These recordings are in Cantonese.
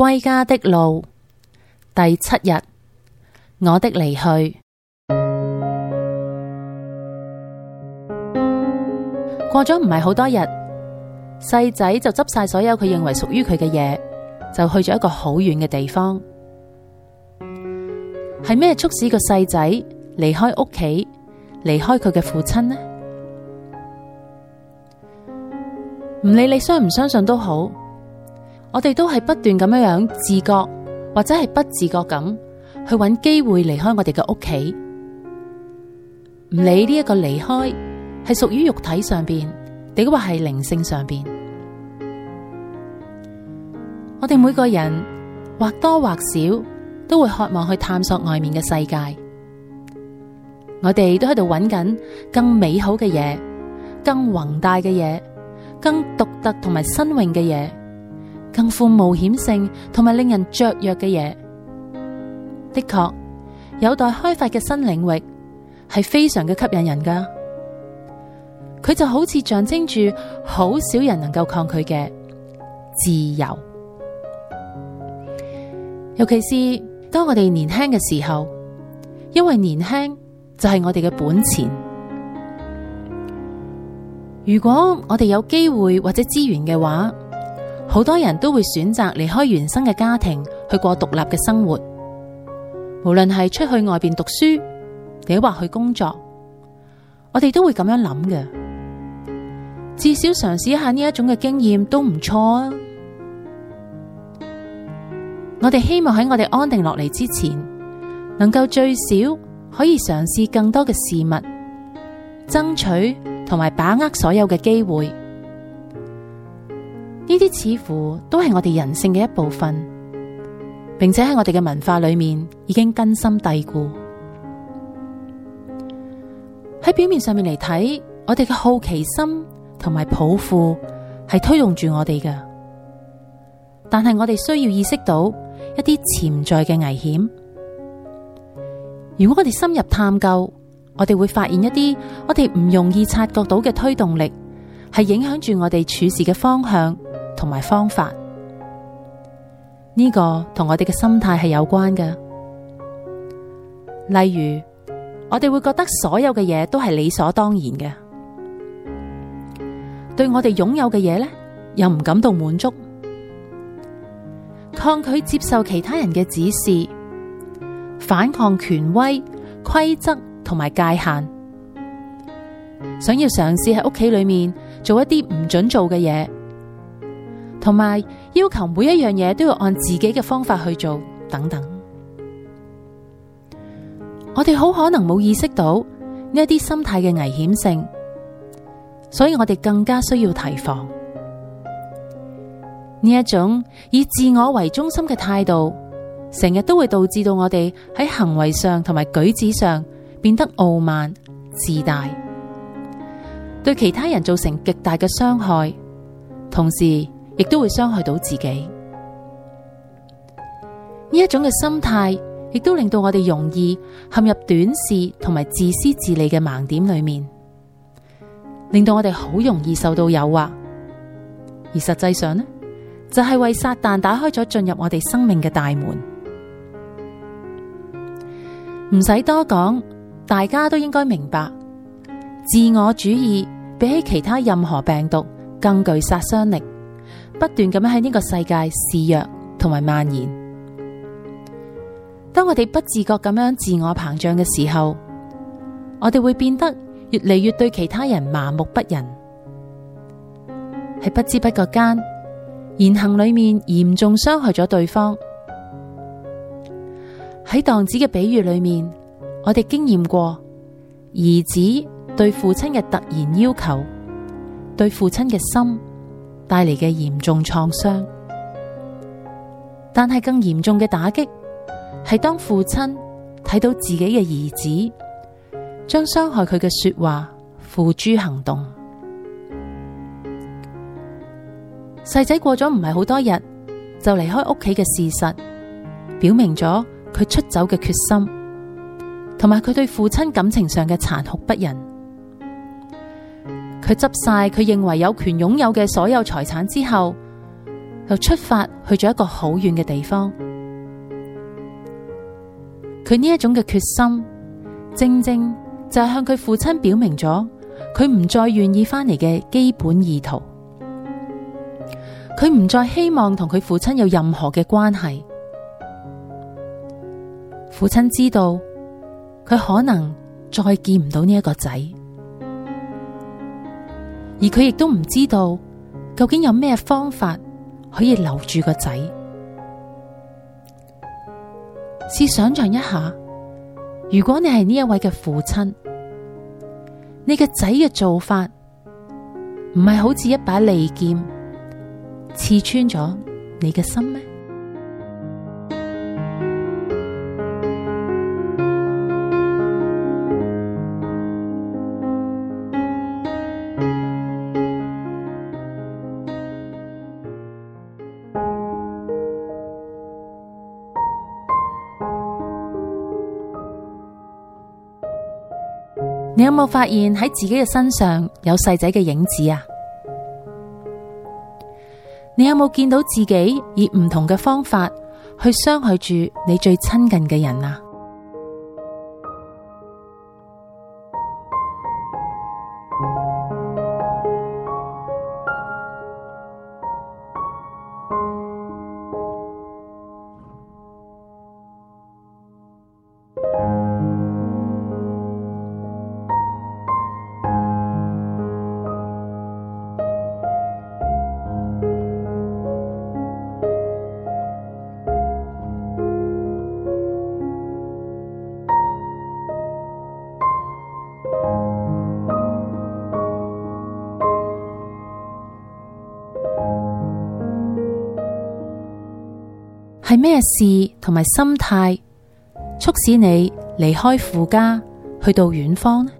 歸家的路第七日，我的離去 過咗唔係好多日，細仔就執晒所有佢認為屬於佢嘅嘢，就去咗一個好遠嘅地方。係咩促使個細仔離開屋企，離開佢嘅父親呢？唔理你相唔相信都好。我哋都係不斷咁樣樣自覺或者係不自覺咁去揾機會離開我哋嘅屋企。唔理呢一個離開係屬於肉體上邊，定或係靈性上邊，我哋每個人或多或少都會渴望去探索外面嘅世界。我哋都喺度揾緊更美好嘅嘢，更宏大嘅嘢、更獨特同埋新穎嘅嘢。更富冒險性同埋令人雀躍嘅嘢。的確有待開發嘅新領域係非常嘅吸引人噶。佢就好似象徵住好少人能夠抗拒嘅自由，尤其是當我哋年輕嘅時候，因為年輕就係我哋嘅本錢。如果我哋有機會或者資源嘅話，好多人都會選擇離開原生嘅家庭，去過獨立嘅生活。無論係出去外邊讀書，又或去工作，我哋都會咁樣諗嘅。至少嘗試一下呢一種嘅經驗都唔錯啊！我哋希望喺我哋安定落嚟之前，能夠最少可以嘗試更多嘅事物，爭取同埋把握所有嘅機會。呢啲似乎都係我哋人性嘅一部分，並且喺我哋嘅文化裏面已經根深蒂固。喺表面上面嚟睇，我哋嘅好奇心同埋抱負係推動住我哋嘅。但係我哋需要意識到一啲潛在嘅危險。如果我哋深入探究，我哋會發現一啲我哋唔容易察覺到嘅推動力，係影響住我哋處事嘅方向。同埋方法，呢個同我哋嘅心態係有關嘅。例如，我哋會覺得所有嘅嘢都係理所當然嘅，對我哋擁有嘅嘢呢，又唔感到滿足，抗拒接受其他人嘅指示，反抗權威、規則同埋界限，想要嘗試喺屋企裏面做一啲唔准做嘅嘢。同埋要求每一樣嘢都要按自己嘅方法去做，等等。我哋好可能冇意識到呢一啲心態嘅危險性，所以我哋更加需要提防。呢一種以自我為中心嘅態度，成日都會導致到我哋喺行為上同埋舉止上變得傲慢自大，對其他人造成極大嘅傷害，同時，亦都會傷害到自己。呢一種嘅心態，亦都令到我哋容易陷入短視同埋自私自利嘅盲點裏面，令到我哋好容易受到誘惑。而實際上呢，就係為撒旦打開咗進入我哋生命嘅大門。唔使多講，大家都應該明白，自我主義比起其他任何病毒更具殺傷力。不斷咁樣喺呢個世界肆虐同埋蔓延。當我哋不自覺咁樣自我膨脹嘅時候，我哋會變得越嚟越對其他人麻木不仁，喺不知不覺間言行裏面嚴重傷害咗對方。喺蕩子嘅比喻裏面，我哋經驗過兒子對父親嘅突然要求，對父親嘅心。帶嚟嘅嚴重創傷，但係更嚴重嘅打擊，係當父親睇到自己嘅兒子將傷害佢嘅說話付諸行動。細仔 過咗唔係好多日，就離開屋企嘅事實，表明咗佢出走嘅決心，同埋佢對父親感情上嘅殘酷不仁。佢執晒佢認為有權擁有嘅所有財產之後，又出發去咗一個好遠嘅地方。佢呢一種嘅決心，正正就係向佢父親表明咗佢唔再願意翻嚟嘅基本意圖。佢唔再希望同佢父親有任何嘅關係。父親知道佢可能再見唔到呢一個仔。而佢亦都唔知道究竟有咩方法可以留住個仔。試想象一下，如果你係呢一位嘅父親，你嘅仔嘅做法唔係好似一把利劍刺穿咗你嘅心咩？你有冇發現喺自己嘅身上有細仔嘅影子啊？你有冇見到自己以唔同嘅方法去傷害住你最親近嘅人啊？係咩事同埋心態促使你離開父家去到遠方呢？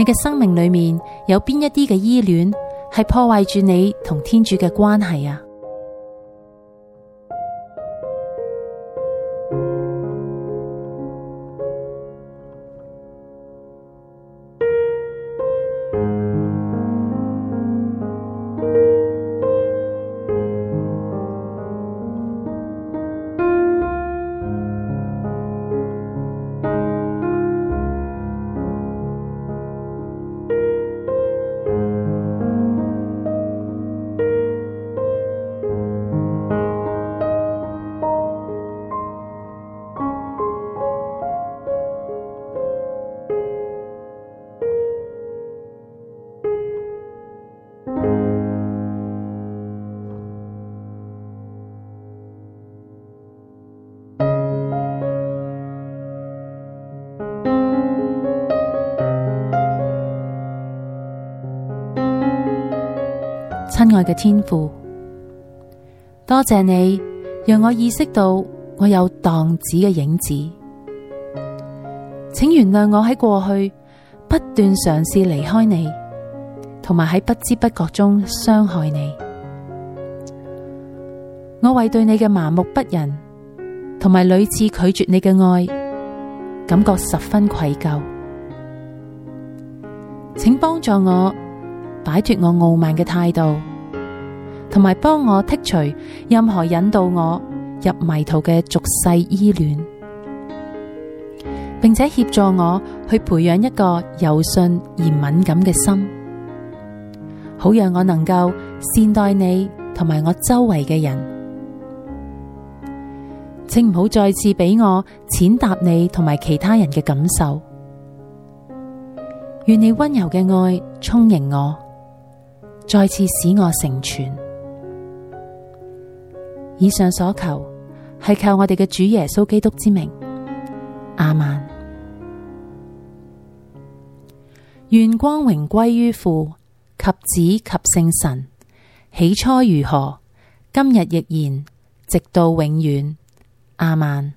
你嘅生命裏面有邊一啲嘅依戀係破壞住你同天主嘅關係啊？愛嘅天父，多謝你讓我意識到我有蕩子嘅影子，請原諒我喺過去不斷嘗試離開你，同埋喺不知不覺中傷害你。我為對你嘅麻木不仁，同埋屢次拒絕你嘅愛，感覺十分愧疚。請幫助我擺脫我傲慢嘅態度。同埋，幫我剔除任何引導我入迷途嘅俗世依戀，並且協助我去培養一個柔順而敏感嘅心，好讓我能夠善待你同埋我周圍嘅人。請唔好再次俾我踐踏你同埋其他人嘅感受。願你温柔嘅愛充盈我，再次使我成全。以上所求係靠我哋嘅主耶穌基督之名，亞孟。願光榮歸於父及子及聖神，起初如何，今日亦然，直到永遠，亞孟。